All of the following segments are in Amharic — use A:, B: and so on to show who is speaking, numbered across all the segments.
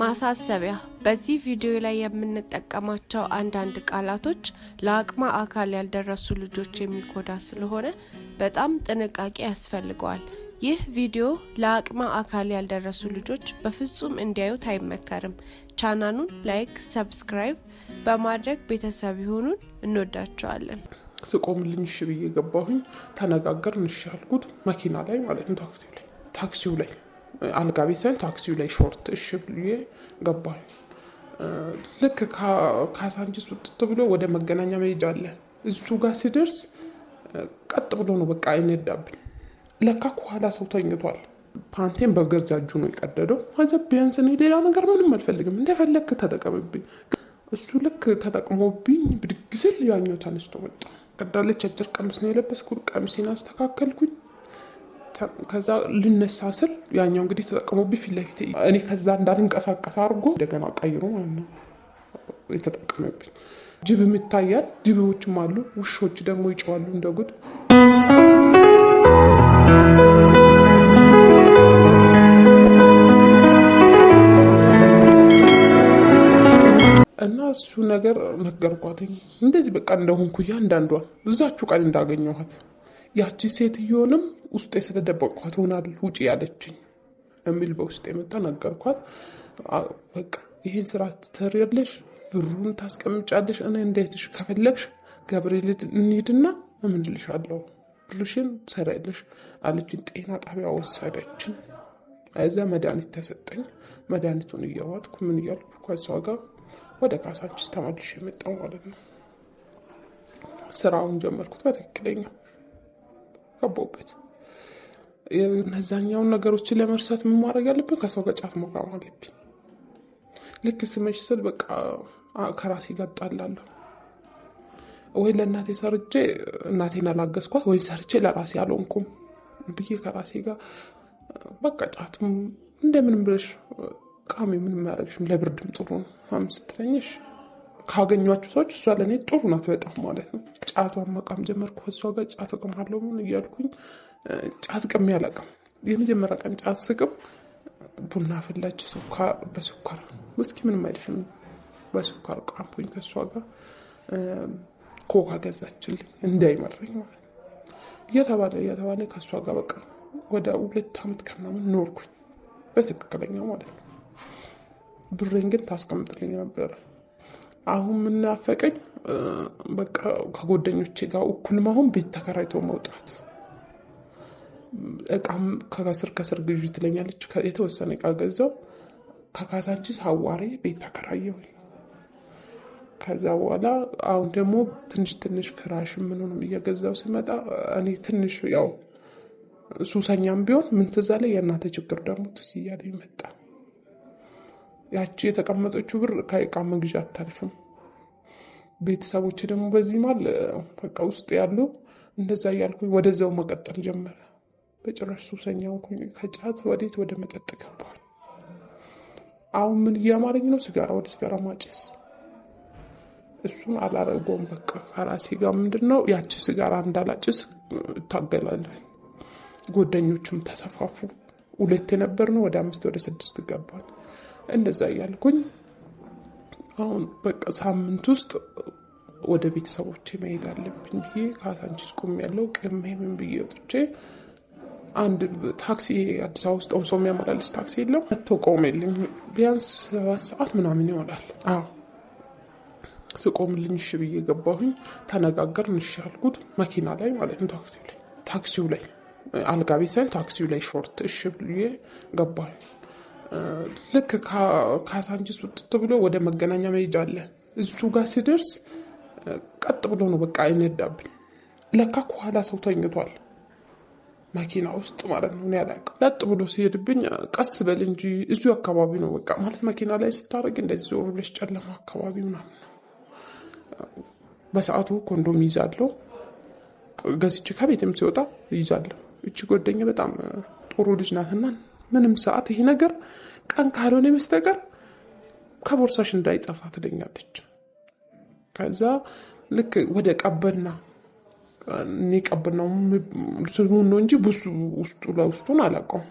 A: ማሳሰቢያ በዚህ ቪዲዮ ላይ የምንጠቀማቸው አንዳንድ ቃላቶች ለአቅመ አካል ያልደረሱ ልጆች የሚጎዳ ስለሆነ በጣም ጥንቃቄ ያስፈልገዋል። ይህ ቪዲዮ ለአቅመ አካል ያልደረሱ ልጆች በፍጹም እንዲያዩት አይመከርም። ቻናሉን ላይክ፣ ሰብስክራይብ በማድረግ ቤተሰብ ይሁኑን። እንወዳቸዋለን።
B: ስቆምልኝ እሺ ብዬ ገባሁኝ። ተነጋገርን፣ መኪና ላይ ማለት ነው፣ ታክሲው ላይ ታክሲው ላይ አልጋ ቤት ታክሲው ላይ ሾርት እሽ ብዬ ገባል። ልክ ካሳንቺስ ውጥጥ ብሎ ወደ መገናኛ መሄጃ አለ። እሱ ጋር ሲደርስ ቀጥ ብሎ ነው በቃ አይነዳብኝ። ለካ ከኋላ ሰው ተኝቷል። ፓንቴን በገዛ እጁ ነው የቀደደው። ከዚያ ቢያንስ እኔ ሌላ ነገር ምንም አልፈልግም፣ እንደፈለግህ ተጠቀምብኝ። እሱ ልክ ተጠቅሞብኝ ብድግ ስል ያኛው ተነስቶ መጣ። ቀዳለች። አጭር ቀሚስ ነው የለበስኩ። ቀሚሴን አስተካከልኩኝ። ከዛ ልነሳ ስል ያኛው እንግዲህ ተጠቀሙብኝ ፊት ለፊት እኔ ከዛ እንዳልንቀሳቀስ አድርጎ እንደገና ቀይሮ ማለት ነው የተጠቀመብኝ። ጅብም ይታያል፣ ድቤዎችም አሉ፣ ውሾች ደግሞ ይጨዋሉ እንደ ጉድ። እና እሱ ነገር ነገርኳትኝ እንደዚህ በቃ እንደሆንኩ እያንዳንዷን እዛችሁ ቀን እንዳገኘኋት ያቺ ሴትዮንም ውስጤ ስለደበቅኳት ሆናል ውጪ ያለችኝ የሚል በውስጥ የመጣ ነገርኳት። በቃ ይህን ስራ ትሰሪያለሽ፣ ብሩን ታስቀምጫለሽ፣ እኔ እንዴትሽ ከፈለግሽ ገብርኤል እንሂድና እምንልሻለሁ ብሉሽን ትሰሪያለሽ አለችን። ጤና ጣቢያ ወሰደችን። እዚያ መድኃኒት ተሰጠኝ። መድኃኒቱን እያዋጥኩ ምን እያልኩ ከሷ ጋር ወደ ካሳንችስ ተመልሼ የመጣው ማለት ነው። ስራውን ጀመርኩት በትክክለኛው ገባሁበት። እነዛኛውን ነገሮችን ለመርሳት ምን ማድረግ አለብን? ከሰው ጋር ጫት መቃም አለብኝ። ልክ ስመሽ ስል በቃ ከራሴ ጋር እጣላለሁ። ወይ ለእናቴ ሰርቼ እናቴን አላገዝኳት፣ ወይም ሰርቼ ለራሴ አልሆንኩም ብዬ ከራሴ ጋር በቃ ጫትም እንደምንም ብለሽ ቃሚ ምን የሚያደርግሽም ለብርድም ጥሩ ነው ምናምን ስትለኝሽ ካገኟቸው ሰዎች እሷ ለእኔ ጥሩ ናት በጣም ማለት ነው። ጫቷን መቃም ጀመርኩ። እሷ ጋር ጫት እቅማለሁ ምን እያልኩኝ ጫት ቅሜ አላውቅም። የመጀመሪያ ቀን ጫት ስቅም ቡና ፍላች በስኳር ውስኪ ምንም አይደፍም በስኳር ቃምኩኝ ከእሷ ጋር ኮካ ገዛችልኝ እንዳይመረኝ ማለት እየተባለ እየተባለ ከእሷ ጋር በቃ ወደ ሁለት ዓመት ከምናምን ኖርኩኝ በትክክለኛ ማለት ነው። ብሬን ግን ታስቀምጥልኝ ነበረ አሁን የምናፈቀኝ በቃ ከጓደኞቼ ጋር እኩል መሆን ቤት ተከራይቶ መውጣት እቃም ከስር ከስር ግዢ ትለኛለች። የተወሰነ እቃ ገዛው። ከካዛንቺስ ሐዋሬ ቤት ተከራየሁ። ከዛ በኋላ አሁን ደግሞ ትንሽ ትንሽ ፍራሽ ምንሆንም እየገዛው ሲመጣ እኔ ትንሽ ያው ሱሰኛም ቢሆን ምን ትዝ አለኝ የእናተ ችግር ደግሞ ትዝ እያለኝ መጣ። ያቺ የተቀመጠችው ብር ከእቃ መግዣ አታልፍም። ቤተሰቦች ደግሞ በዚህ ማል በቃ ውስጥ ያሉ እንደዛ እያልኩ ወደዛው መቀጠል ጀመረ። በጭራሽ ሱሰኛው ከጫት ወዴት ወደ መጠጥ ገባል። አሁን ምን እያማረኝ ነው? ሲጋራ ወደ ሲጋራ ማጨስ እሱን አላረገውም። በቃ ከራሴ ጋር ምንድን ነው ያቺ ሲጋራ እንዳላጭስ እታገላለሁ። ጓደኞቹም ተሰፋፉ። ሁለት የነበር ነው ወደ አምስት ወደ ስድስት ገባል። እንደዛ እያልኩኝ አሁን በቃ ሳምንት ውስጥ ወደ ቤተሰቦች መሄድ አለብኝ ብዬ ከሳንቺስ ቁም ያለው ቅሜ ምን ብዬ ወጥቼ አንድ ታክሲ አዲስ አበባ ውስጥ ሰው የሚያመላልስ ታክሲ የለም። መቶ ቆመልኝ ቢያንስ ሰባት ሰዓት ምናምን ይሆናል። አዎ ስቆምልኝ እሺ ብዬ ገባሁኝ። ተነጋገርን፣ እሺ አልኩት። መኪና ላይ ማለት ነው ታክሲው ላይ ታክሲው ላይ አልጋ ቤት ሳይሆን ታክሲው ላይ ሾርት እሺ ብዬ ገባሁኝ። ልክ ካሳንጅስ ውጥጥ ብሎ ወደ መገናኛ መሄጃ አለ። እሱ ጋር ሲደርስ ቀጥ ብሎ ነው በቃ አይነዳብኝ። ለካ ከኋላ ሰው ተኝቷል መኪና ውስጥ ማለት ነው። አላውቅም። ለጥ ብሎ ሲሄድብኝ ቀስ በል እንጂ እዚሁ አካባቢ ነው በቃ ማለት መኪና ላይ ስታደርግ እንደዚህ ዞር ብለሽ ጨለማ አካባቢ ምናምን ነው። በሰዓቱ ኮንዶም ይዛለሁ ገዝቼ ከቤትም ሲወጣ ይዛለሁ። እቺ ጓደኛ በጣም ጥሩ ልጅ ናትና ምንም ሰዓት ይሄ ነገር ቀን ካልሆነ በስተቀር ከቦርሳሽ እንዳይጠፋ ትለኛለች። ከዛ ልክ ወደ ቀበና እኔ ቀበናው ስሙን ነው እንጂ ውስጡ ለውስጡን አላውቀውም።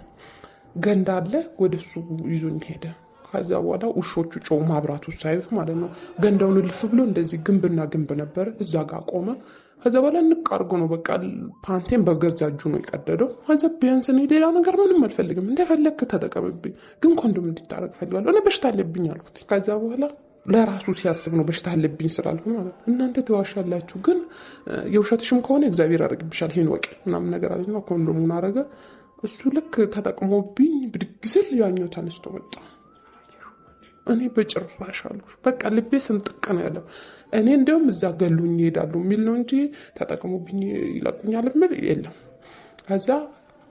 B: ገንዳ አለ፣ ወደ እሱ ይዞኝ ሄደ። ከዚያ በኋላ ውሾቹ ጮው ማብራቱ ሳይት ማለት ነው። ገንዳውን እልፍ ብሎ እንደዚህ ግንብና ግንብ ነበር፣ እዛ ጋር ቆመ። ከዛ በኋላ ንቅ አድርጎ ነው በቃ ፓንቴን በገዛ እጁ ነው የቀደደው። ከዛ ቢያንስ እኔ ሌላ ነገር ምንም አልፈልግም፣ እንደፈለግ ተጠቀምብኝ፣ ግን ኮንዶም እንዲታረግ ፈልጋለሁ፣ እኔ በሽታ አለብኝ አልኩት። ከዛ በኋላ ለራሱ ሲያስብ ነው በሽታ አለብኝ ስላልኩ ማለት ነው። እናንተ ትዋሻላችሁ፣ ግን የውሸትሽም ከሆነ እግዚአብሔር ያደርግብሻል፣ ይሄን ወቂ ምናምን ነገር አለ። ኮንዶሙን አረገ። እሱ ልክ ተጠቅሞብኝ ብድግ ስል ያኛው ተነስቶ ወጣ። እኔ በጭራሽ አሉ። በቃ ልቤ ስንጥቅ ነው ያለው። እኔ እንዲያውም እዛ ገሉኝ ይሄዳሉ የሚል ነው እንጂ ተጠቅሙብኝ ይለቁኛል የሚል የለም። ከዛ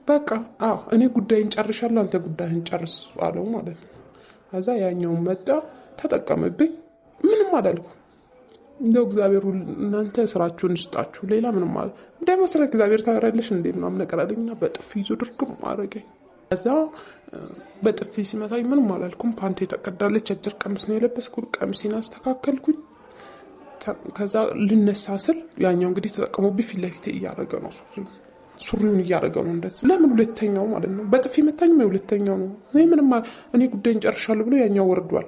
B: በቃ አዎ እኔ ጉዳይን ጨርሻለሁ፣ አንተ ጉዳይን ጨርስ አለው ማለት ነው። ከዛ ያኛውን መጣ ተጠቀምብኝ፣ ምንም አላልኩ። እንደው እግዚአብሔር እናንተ ስራችሁን ይስጣችሁ፣ ሌላ ምንም አለ እንዳይመስለ እግዚአብሔር ታረልሽ እንዴ ምናምን ነገር አለኝና በጥፊ ይዞ ድርግም አረገኝ። ከዛ በጥፊ ሲመታኝ ምንም አላልኩም። ፓንቴ ተቀዳለች። አጭር ቀሚስ ነው የለበስኩት። ቀሚሴን አስተካከልኩኝ። ከዛ ልነሳ ስል ያኛው እንግዲህ ተጠቀሙብኝ። ፊት ለፊት እያደረገ ነው ሱሪውን እያደረገ ነው እንደዚህ። ለምን ሁለተኛው ማለት ነው በጥፊ መታኝ። ሁለተኛው ነው እኔ ምንም እኔ ጉዳይን ጨርሻለሁ ብሎ ያኛው ወርዷል።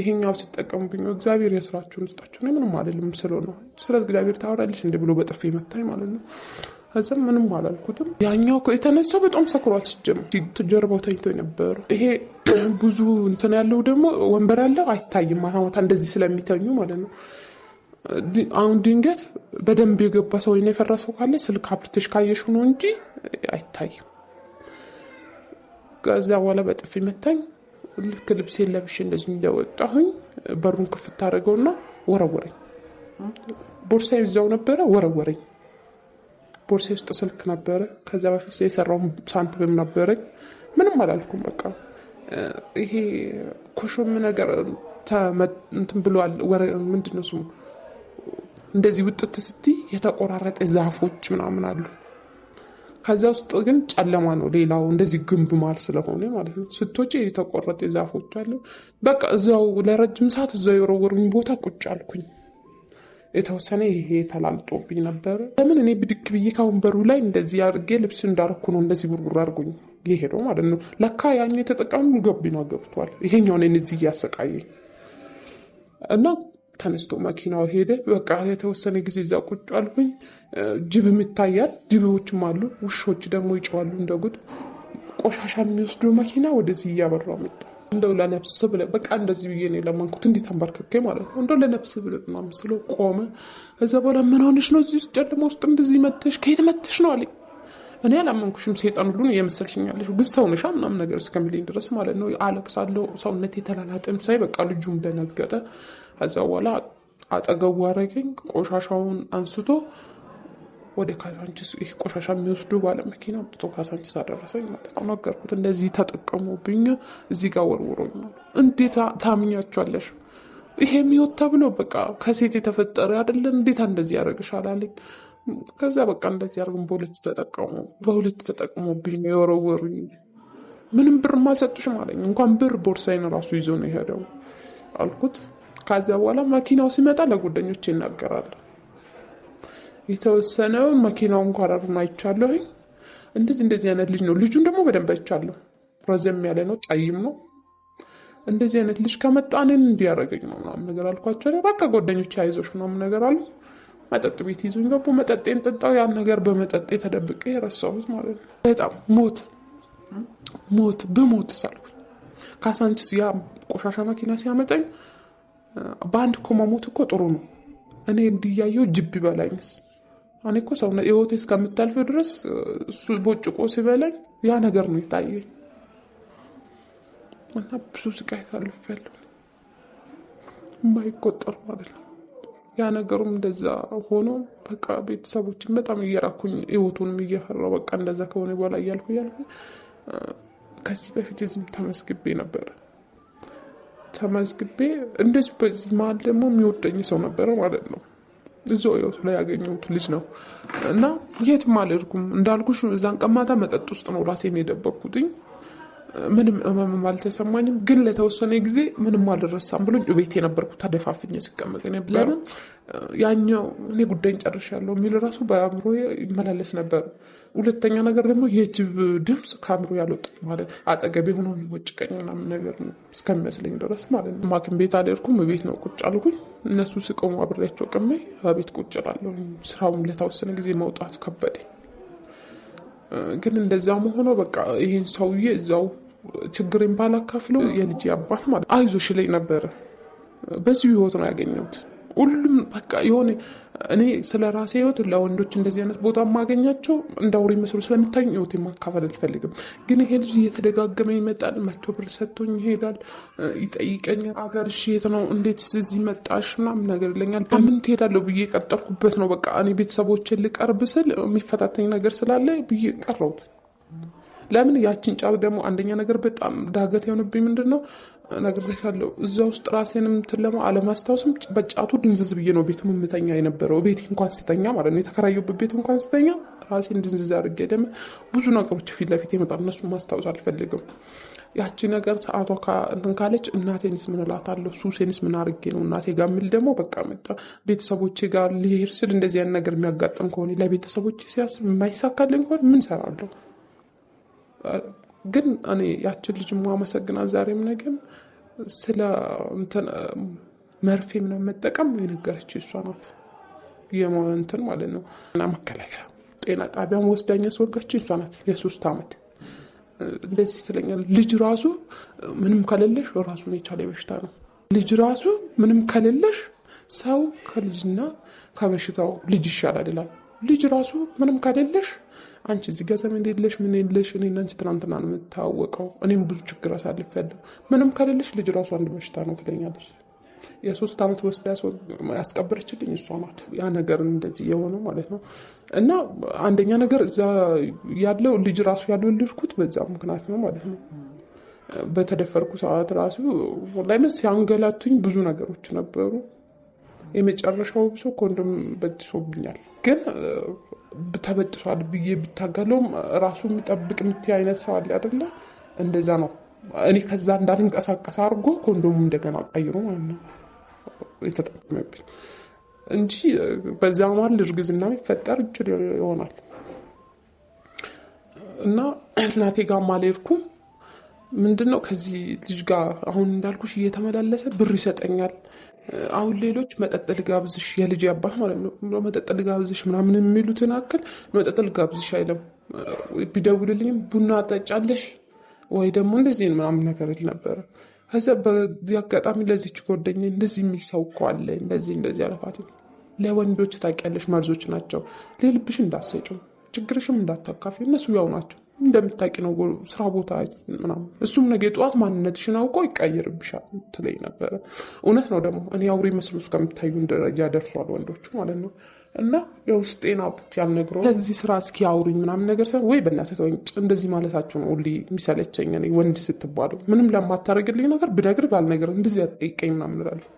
B: ይሄኛው ሲጠቀሙብኝ እግዚአብሔር የስራቸውን ስጣቸው። እኔ ምንም አይደለም ስለው ነው። ስለ እግዚአብሔር ታወራለች እንደ ብሎ በጥፊ መታኝ ማለት ነው። ከዚም ምንም አላልኩትም። ያኛው የተነሳው በጣም ሰክሯል። ሲጀምር ጀርባው ተኝቶ ነበር። ይሄ ብዙ እንትን ያለው ደግሞ ወንበር ያለው አይታይም። ማታ ማታ እንደዚህ ስለሚተኙ ማለት ነው። አሁን ድንገት በደንብ የገባ ሰው ወይ የፈራ ሰው ካለ ስልክ አብርተሽ ካየሽ ነው እንጂ አይታይም። ከዚያ በኋላ በጥፊ መታኝ። ልክ ልብሴን ለብሼ እንደዚህ እንደወጣሁኝ በሩን ክፍት አደረገውና ወረወረኝ። ቦርሳ ይዛው ነበረ፣ ወረወረኝ ቦርሴ ውስጥ ስልክ ነበረ። ከዚያ በፊት የሰራውን ሳምፕልም ነበረ። ምንም አላልኩም። በቃ ይሄ ኮሾም ነገር እንትን ብሏል። ምንድን ነው ስሙ? እንደዚህ ውጥት ስቲ የተቆራረጠ ዛፎች ምናምን አሉ። ከዚያ ውስጥ ግን ጨለማ ነው። ሌላው እንደዚህ ግንብ ማል ስለሆነ ማለት ነው። ስቶች የተቆረጠ ዛፎች አለ። በቃ እዛው ለረጅም ሰዓት እዛው የወረወሩኝ ቦታ ቁጭ አልኩኝ። የተወሰነ ይሄ ተላልጦብኝ ነበር። ለምን እኔ ብድግ ብዬ ከወንበሩ ላይ እንደዚህ አድርጌ ልብስ እንዳርኩ ነው እንደዚህ ቡርቡር አድርጎኝ የሄደው ማለት ነው። ለካ ያኛው የተጠቀሙ ነው ገብቷል። ይሄኛውን እዚህ እያሰቃየኝ እና ተነስቶ መኪናው ሄደ። በቃ የተወሰነ ጊዜ እዛ ቁጭ አልኩኝ። ጅብም ይታያል፣ ድቤዎችም አሉ፣ ውሾች ደግሞ ይጨዋሉ እንደጉድ። ቆሻሻ የሚወስዱ መኪና ወደዚህ እያበራ መጣ። እንደው ለነፍስ ብለ በቃ እንደዚህ ብዬ ነው ለማንኩት እንዴት አንበርክኬ ማለት ነው። እንደው ለነፍስ ብለ ምናምን ስለው ቆመ። እዛ በኋላ ምን ሆነሽ ነው እዚህ ውስጥ ጨለማ ውስጥ እንደዚህ መተሽ ከየት መተሽ ነው አለኝ። እኔ አላመንኩሽም፣ ሴጣን ሁሉ የመሰልሽኝ ያለሽ ግን ሰው ነሽ ምናምን ነገር እስከሚለኝ ድረስ ማለት ነው። አለቅሳለሁ። ሰውነት የተላላጠም ሳይ በቃ ልጁም ደነገጠ። ከዛ በኋላ አጠገቡ አረገኝ። ቆሻሻውን አንስቶ ወደ ካዛንችስ ይህ ቆሻሻ የሚወስዱ ባለመኪና አምጥቶ ካዛንችስ አደረሰኝ ማለት ነው። ነገርኩት፣ እንደዚህ ተጠቀሙብኝ፣ እዚህ ጋር ወርውሮኛል። እንዴት ታምኛቸዋለሽ? ይሄ የሚወት ተብሎ በቃ ከሴት የተፈጠረ አይደለም። እንዴታ እንደዚህ ያደርግሻል አለኝ። ከዚያ በቃ እንደዚህ አድርግን በሁለት ተጠቀሙ፣ በሁለት ተጠቅሞብኝ ነው የወረወሩኝ። ምንም ብር ማሰጡሽም አለኝ። እንኳን ብር ቦርሳይን ራሱ ይዞ ነው የሄደው አልኩት። ከዚያ በኋላ መኪናው ሲመጣ ለጓደኞች ይናገራል። የተወሰነው መኪናውን ኳራሩን አይቻለሁኝ። እንደዚህ እንደዚህ አይነት ልጅ ነው። ልጁን ደግሞ በደንብ አይቻለሁ። ረዘም ያለ ነው፣ ጠይም ነው። እንደዚህ አይነት ልጅ ከመጣንን እንዲያደረገኝ ነው ምናምን ነገር አልኳቸው። በቃ ጓደኞች አይዞሽ ምናምን ነገር አሉ። መጠጥ ቤት ይዞኝ ገቡ። መጠጤን ጠጣው። ያን ነገር በመጠጤ ተደብቀ የረሳሁት ማለት ነው። በጣም ሞት ሞት ብሞት ሳልኩኝ ካሳንችስ ያ ቆሻሻ መኪና ሲያመጠኝ በአንድ እኮ መሞት እኮ ጥሩ ነው። እኔ እንዲያየው ጅብ ይበላኝስ እኔ እኮ ሰው ህይወቴ እስከምታልፍ ድረስ እሱ ቦጭቆ ሲበላኝ ያ ነገር ነው የታየኝ እና ብዙ ስቃይ ያለ የማይቆጠር ማለት ነው። ያ ነገሩም እንደዛ ሆኖ በቃ ቤተሰቦችን በጣም እየራኩኝ ህይወቱንም እየፈራሁ በቃ እንደዛ ከሆነ በኋላ እያልኩ እያልኩ ከዚህ በፊት ዝም ተመዝግቤ ነበረ። ተመዝግቤ እንደዚህ በዚህ መሀል ደግሞ የሚወደኝ ሰው ነበረ ማለት ነው እዛው ህይወቱ ላይ ያገኘሁት ልጅ ነው እና የትም አልሄድኩም። እንዳልኩሽ እዛን ቀማታ መጠጥ ውስጥ ነው ራሴን የደበኩትኝ። ምንም እመምም አልተሰማኝም፣ ግን ለተወሰነ ጊዜ ምንም አልረሳም ብሎ ቤት የነበርኩ ተደፋፍኝ ሲቀመጥ ነበር። ያኛው እኔ ጉዳይን ጨርሻለሁ የሚል ራሱ በአእምሮ ይመላለስ ነበር። ሁለተኛ ነገር ደግሞ የጅብ ድምፅ ከአእምሮ ያልወጣ ማለት አጠገቤ ሆኖ የሚወጭቀኝ ምናምን ነገር ነው እስከሚመስለኝ ድረስ ማለት ነው። ማክን ቤት አደርኩም ቤት ነው ቁጭ አልኩኝ። እነሱ ስቀሙ አብሬያቸው ቅሜ ቤት ቁጭ እላለሁ። ስራውም ለተወሰነ ጊዜ መውጣት ከበደኝ። ግን እንደዛም ሆኖ በቃ ይህን ሰውዬ እዛው ችግሬን ባላካፍለው የልጅ አባት ማለት አይዞሽ ላይ ነበረ። በዚሁ ህይወት ነው ያገኘሁት። ሁሉም በቃ የሆነ እኔ ስለ ራሴ ህይወት ለወንዶች እንደዚህ አይነት ቦታ የማገኛቸው እንደ አውሬ መስሎ ስለምታኝ ህይወት ማካፈል አልፈልግም። ግን ይሄ ልጅ እየተደጋገመ ይመጣል። መቶ ብር ሰጥቶኝ ይሄዳል፣ ይጠይቀኛል። አገርሽ የት ነው? እንዴት እዚህ መጣሽ? ምናምን ነገር ይለኛል። በምን ትሄዳለሁ ብዬ ቀጠልኩበት ነው በቃ እኔ ቤተሰቦችን ልቀርብ ስል የሚፈታተኝ ነገር ስላለ ብዬ ቀረሁት። ለምን ያችን ጫት ደግሞ አንደኛ ነገር በጣም ዳገት የሆነብኝ ምንድን ነው እነግርሻለሁ፣ እዛ ውስጥ ራሴንም እንትን ለማ አለማስታወስም በጫቱ ድንዝዝ ብዬ ነው ቤት መምተኛ የነበረው። ቤት እንኳን ስተኛ ማለት ነው የተከራየሁበት ቤት እንኳን ስተኛ ራሴን ድንዝዝ አድርጌ ደግሞ ብዙ ነገሮች ፊት ለፊት የመጣ እነሱ ማስታወስ አልፈልግም። ያቺ ነገር ሰዓቷ እንትን ካለች እናቴንስ ምን እላታለሁ? ሱሴንስ ምን አድርጌ ነው እናቴ ጋር የሚል ደግሞ በቃ መጣ። ቤተሰቦቼ ጋር ልሄድ ስል እንደዚህ ያን ነገር የሚያጋጥም ከሆነ ለቤተሰቦቼ ሲያስብ የማይሳካልኝ ከሆነ ምን ሰራለሁ? ግን እኔ ያችን ልጅ ማመሰግናት ዛሬም ነገም ስለ መርፌ ምናምን መጠቀም የነገረች እሷ ናት። የእንትን ማለት ነው እና መከላከያ ጤና ጣቢያን ወስዳኝ ስወርጋችን እሷ ናት። የሶስት አመት እንደዚህ ትለኛል። ልጅ ራሱ ምንም ከሌለሽ ራሱን የቻለ በሽታ ነው። ልጅ ራሱ ምንም ከሌለሽ ሰው ከልጅና ከበሽታው ልጅ ይሻላል ይላል። ልጅ ራሱ ምንም ከሌለሽ አንቺ እዚህ ጋር ዘመድ የለሽ ምን የለሽ። እኔ እናንቺ ትናንትና ነው የምታወቀው። እኔም ብዙ ችግር አሳልፍ ያለሁ ምንም ከሌለሽ ልጅ ራሱ አንድ በሽታ ነው ትለኛለች። የሶስት ዓመት ወስዳ ያስቀበረችልኝ እሷ ናት። ያ ነገር እንደዚህ የሆነው ማለት ነው። እና አንደኛ ነገር እዛ ያለው ልጅ ራሱ ያልወለድኩት በዛ ምክንያት ነው ማለት ነው። በተደፈርኩ ሰዓት ራሱ ላይ ሲያንገላቱኝ ብዙ ነገሮች ነበሩ። የመጨረሻው ብሶ ኮንዶም በጥሶብኛል ግን ተበጥሷል ብዬ ብታገለውም ራሱ የሚጠብቅ ምት አይነት ሰው አለ አይደለ? እንደዛ ነው። እኔ ከዛ እንዳልንቀሳቀስ አድርጎ ኮንዶሙ እንደገና ቀይሮ ማለት ነው የተጠቀመብኝ እንጂ በዚያ ማል እርግዝና ይፈጠር እችል ይሆናል እና እናቴ ጋር አልሄድኩም። ምንድን ነው ከዚህ ልጅ ጋር አሁን እንዳልኩሽ እየተመላለሰ ብር ይሰጠኛል አሁን ሌሎች መጠጥ ልጋብዝሽ የልጅ አባት ማለት ነው መጠጥ ልጋብዝሽ ምናምን የሚሉትን አክል መጠጥ ልጋብዝሽ አይለም። ቢደውልልኝም ቡና ጠጫለሽ ወይ ደግሞ እንደዚህ ምናምን ነገር ይል ነበረ። ከዚ በዚህ አጋጣሚ ለዚች ጎደኝ እንደዚህ የሚል ሰው እኮ አለ እንደዚህ እንደዚህ አለፋት። ለወንዶች ታውቂያለሽ መርዞች ናቸው። ሌልብሽ እንዳሰጩ ችግርሽም እንዳታካፊ እነሱ ያው ናቸው። እንደምታቂ ነው ስራ ቦታ ምናምን እሱም ነገ የጠዋት ማንነትሽን አውቆ ይቀይርብሻል ትለይ ነበረ። እውነት ነው ደግሞ እኔ አውሬ መስሎ እስከምታዩን ደረጃ ደርሷል ወንዶቹ ማለት ነው። እና የውስጤን አውጥቼ ያልነግረው ከዚህ ስራ እስኪ አውሪኝ ምናምን ነገር ሰ ወይ በእናትህ ተወኝ፣ እንደዚህ ማለታቸው ነው ሁሌ የሚሰለቸኝ ወንድ ስትባሉ ምንም ለማታደርግልኝ ነገር ብነግር ባልነገር እንደዚህ አጠይቀኝ ምናምን እላለሁ።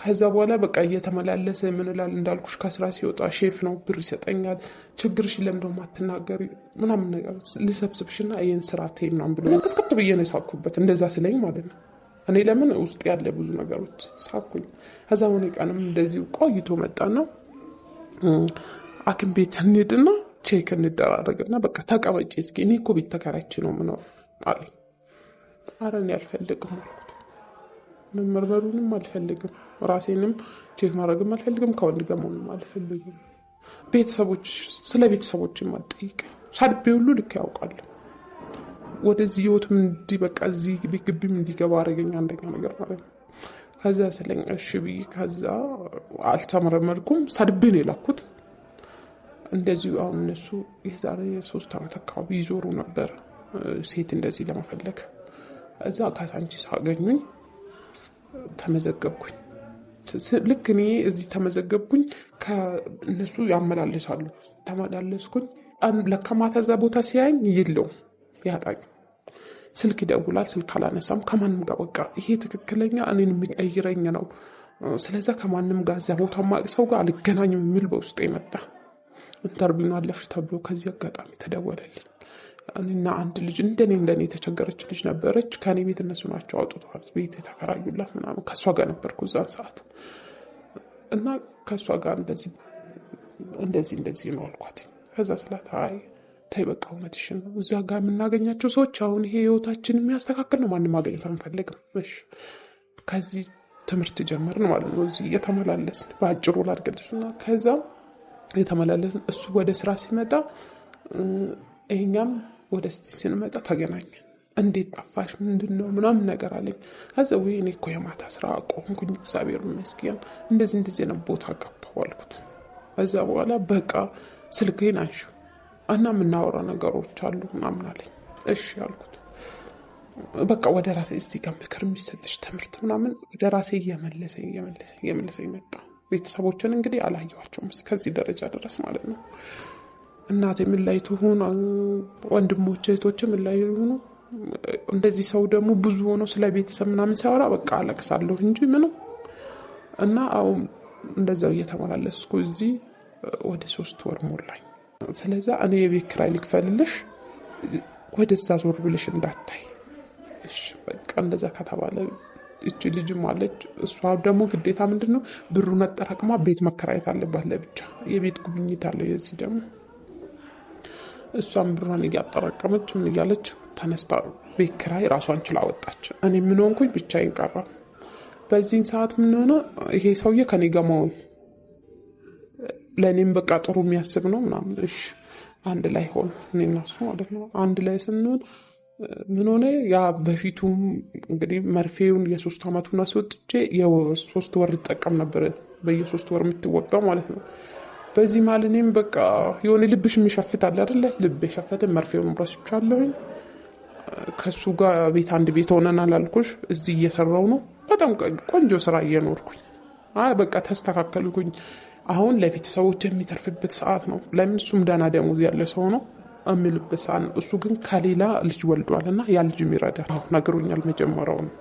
B: ከዛ በኋላ በቃ እየተመላለሰ ምንላል እንዳልኩሽ ከስራ ሲወጣ ሼፍ ነው ብር ይሰጠኛል። ችግርሽን ለምን እንደውም አትናገሪ ምናምን ነገር ልሰብስብሽና ይህን ስራ ትይ ምናምን ብሎ ክትክት ብዬ ነው የሳኩበት። እንደዛ ስለኝ ማለት ነው እኔ ለምን ውስጥ ያለ ብዙ ነገሮች ሳኩኝ። ከዛ ሆነ ቀንም እንደዚሁ ቆይቶ መጣና አክም ቤት እንሂድና ቼክ እንደራረግና በቃ ተቀመጭ እስኪ እኔ እኮ ቤት ተከራይቼ ነው ምኖር አለኝ። አረን እኔ አልፈልግም አልኩት። መመርመሩንም አልፈልግም ራሴንም ቼክ ማድረግም አልፈልግም። ከወንድ ጋር መሆንም አልፈልግም። ቤተሰቦች ስለ ቤተሰቦች አልጠይቅም። ሳድቤ ሁሉ ልክ ያውቃለሁ። ወደዚህ ህይወትም እንዲህ በቃ እዚህ ግቢም እንዲገባ አደረገኝ። አንደኛ ነገር ማለት ነው። ከዛ ስለኝ እሺ ብዬ ከዛ አልተመረመርኩም። ሳድቤ ነው የላኩት። እንደዚሁ አሁን እነሱ የዛሬ የሶስት ዓመት አካባቢ ይዞሩ ነበር ሴት እንደዚህ ለመፈለግ እዛ ካሳንቺስ አገኙኝ፣ ተመዘገብኩኝ። ልክ እኔ እዚህ ተመዘገብኩኝ ከእነሱ ያመላለሳሉ። ተመላለስኩኝ። ለከማተዛ ቦታ ሲያኝ የለውም ያጣኝ ስልክ ይደውላል። ስልክ አላነሳም ከማንም ጋር በቃ ይሄ ትክክለኛ እኔን የሚቀይረኝ ነው። ስለዛ ከማንም ጋር እዚያ ቦታ ማቅ ሰው ጋር አልገናኝም የሚል በውስጥ የመጣ ኢንተርቪው አለፍሽ ተብሎ ከዚህ አጋጣሚ ተደወለልን። እኔና አንድ ልጅ እንደኔ እንደኔ የተቸገረች ልጅ ነበረች። ከኔ ቤት እነሱ ናቸው አውጥተዋል ቤት የተከራዩላት ምናምን። ከእሷ ጋር ነበርኩ እዛን ሰዓት እና ከእሷ ጋር እንደዚህ እንደዚህ እንደዚህ ነው አልኳት። ከዛ ስላት አይ ተይ በቃ እውነትሽን ነው። እዚያ ጋር የምናገኛቸው ሰዎች አሁን ይሄ ህይወታችን የሚያስተካክል ነው። ማንም ማግኘት አንፈልግም። እሺ ከዚህ ትምህርት ጀመርን ማለት ነው። እዚህ እየተመላለስን በአጭሩ ላድርግልሽ እና ከዛም የተመላለስን እሱ ወደ ስራ ሲመጣ ይሄኛም ወደ ስቴት ስንመጣ ተገናኘን። እንዴት ጠፋሽ? ምንድን ነው ምናምን ነገር አለኝ። ወይ እኔ እኮ የማታ ስራ ቆንኩኝ፣ እግዚአብሔር ይመስገን እንደዚህ እንደዚህ ነው ቦታ ገባሁ አልኩት። ከዛ በኋላ በቃ ስልክህን አንሺ እና የምናወራ ነገሮች አሉ ምናምን አለኝ። እሺ አልኩት። በቃ ወደ ራሴ እዚህ ጋር ምክር የሚሰጥሽ ትምህርት ምናምን ወደ ራሴ እየመለሰኝ እየመለሰኝ እየመለሰኝ መጣ። ቤተሰቦችን እንግዲህ አላየኋቸውም እስከዚህ ደረጃ ድረስ ማለት ነው። እናቴ ምን ላይ ትሆን፣ ወንድሞች እህቶች ምን ላይ ሆኑ። እንደዚህ ሰው ደግሞ ብዙ ሆኖ ስለ ቤተሰብ ምናምን ሲያወራ በቃ አለቅሳለሁ እንጂ ምንም እና አሁን እንደዛው እየተመላለስኩ እዚህ ወደ ሶስት ወር ሞላኝ። ስለዛ እኔ የቤት ኪራይ ልክፈልልሽ፣ ወደዛ ዞር ብልሽ እንዳታይ። እሺ በቃ እንደዛ ከተባለ እች ልጅም አለች። እሷ ደግሞ ግዴታ ምንድን ነው ብሩን አጠራቅማ ቤት መከራየት አለባት ለብቻ። የቤት ጉብኝት አለው የዚህ ደግሞ እሷን ብሯን እያጠራቀመች ምን እያለች ተነስታ ቤት ኪራይ ራሷን ችላ ወጣች። እኔ ምን ሆንኩኝ? ብቻዬን ቀረ። በዚህን ሰዓት ምን ሆነ? ይሄ ሰውዬ ከኔ ገማው ለእኔም በቃ ጥሩ የሚያስብ ነው ምናምን። እሺ አንድ ላይ ሆን እኔና እሱ ማለት ነው። አንድ ላይ ስንሆን ምን ሆነ? ያ በፊቱም እንግዲህ መርፌውን የሶስት አመቱን አስወጥቼ የሶስት ወር ይጠቀም ነበር። በየሶስት ወር የምትወጣው ማለት ነው በዚህ ማል እኔም በቃ የሆነ ልብሽ የሚሸፍት አለ አደለ? ልብ የሸፈተ መርፌ መምረስ ይቻለሁኝ። ከሱ ጋር ቤት አንድ ቤት ሆነናል አልኩሽ። እዚህ እየሰራው ነው። በጣም ቆንጆ ስራ እየኖርኩኝ በቃ ተስተካከልኩኝ። አሁን ለቤተሰቦች የሚተርፍበት ሰዓት ነው። ለምን እሱም ደህና ደሞዝ ያለ ሰው ነው እምልበት ሰዓት ነው። እሱ ግን ከሌላ ልጅ ወልዷል እና ያ ልጅም ይረዳል። አሁ ነግሮኛል። መጀመሪያው ነው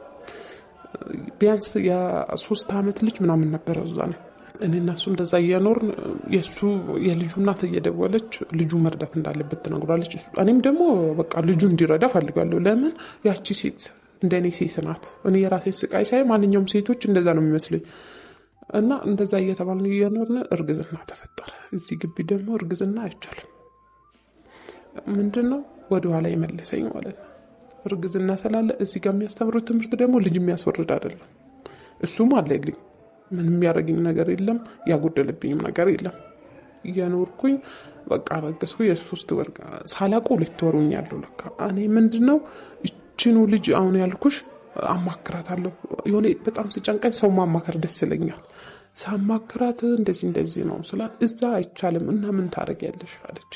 B: ቢያንስ የሶስት አመት ልጅ ምናምን ነበረ ዛ እኔ እናሱ እንደዛ እየኖርን የእሱ የልጁ እናት እየደወለች ልጁ መርዳት እንዳለበት ትነግሯለች። እኔም ደግሞ በቃ ልጁ እንዲረዳ ፈልጋለሁ። ለምን ያቺ ሴት እንደ እኔ ሴት ናት። እኔ የራሴን ስቃይ ሳይ ማንኛውም ሴቶች እንደዛ ነው የሚመስለኝ። እና እንደዛ እየተባልን እየኖርን እርግዝና ተፈጠረ። እዚህ ግቢ ደግሞ እርግዝና አይቻልም። ምንድን ነው ወደኋላ የመለሰኝ ማለት ነው። እርግዝና ስላለ እዚህ ጋር የሚያስተምሩት ትምህርት ደግሞ ልጅ የሚያስወርድ አይደለም። እሱም አለልኝ ምንም የሚያደረግኝ ነገር የለም፣ ያጎደለብኝም ነገር የለም። እየኖርኩኝ በቃ ረገዝኩ። የሶስት ወር ሳላቆ ሁለት ወሩኝ ያለው ለካ እኔ ምንድን ነው እችኑ ልጅ አሁን ያልኩሽ አማክራታለሁ። የሆነ በጣም ስጨንቀኝ ሰው ማማከር ደስ ይለኛል። ሳማክራት እንደዚህ እንደዚህ ነው ስላት እዛ አይቻልም እና ምን ታደርጊያለሽ አለች።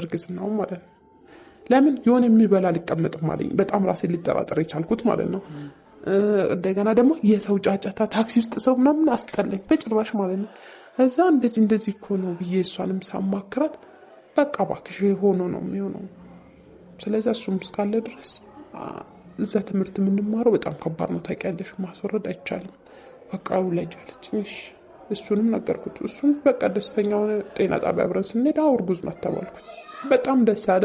B: እርግዝናው ማለት ነው ለምን የሆነ የሚበላ ሊቀመጥም አለኝ። በጣም ራሴ ሊጠራጠር የቻልኩት ማለት ነው እንደገና ደግሞ የሰው ጫጫታ ታክሲ ውስጥ ሰው ምናምን አስጠላኝ በጭራሽ ማለት ነው። እዛ እንደዚህ እንደዚህ እኮ ነው ብዬ እሷንም ሳማክራት በቃ እባክሽ ሆኖ ነው የሚሆነው። ስለዚህ እሱም እስካለ ድረስ እዛ ትምህርት የምንማረው በጣም ከባድ ነው ታውቂያለሽ፣ ማስወረድ አይቻልም። በቃ ውለጅ እሱንም ነገርኩት። እሱም በቃ ደስተኛ ሆነ። ጤና ጣቢያ አብረን ስንሄድ አውርጉዝ ናት ተባልኩት። በጣም ደስ አለ።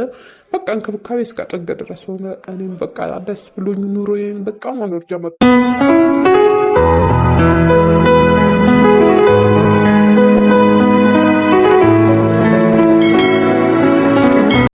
B: በቃ እንክብካቤ እስከ ጥግ ድረስ ሆነ። እኔም በቃ ደስ ብሎኝ ኑሮዬን በቃ ማኖር ጀመርኩ።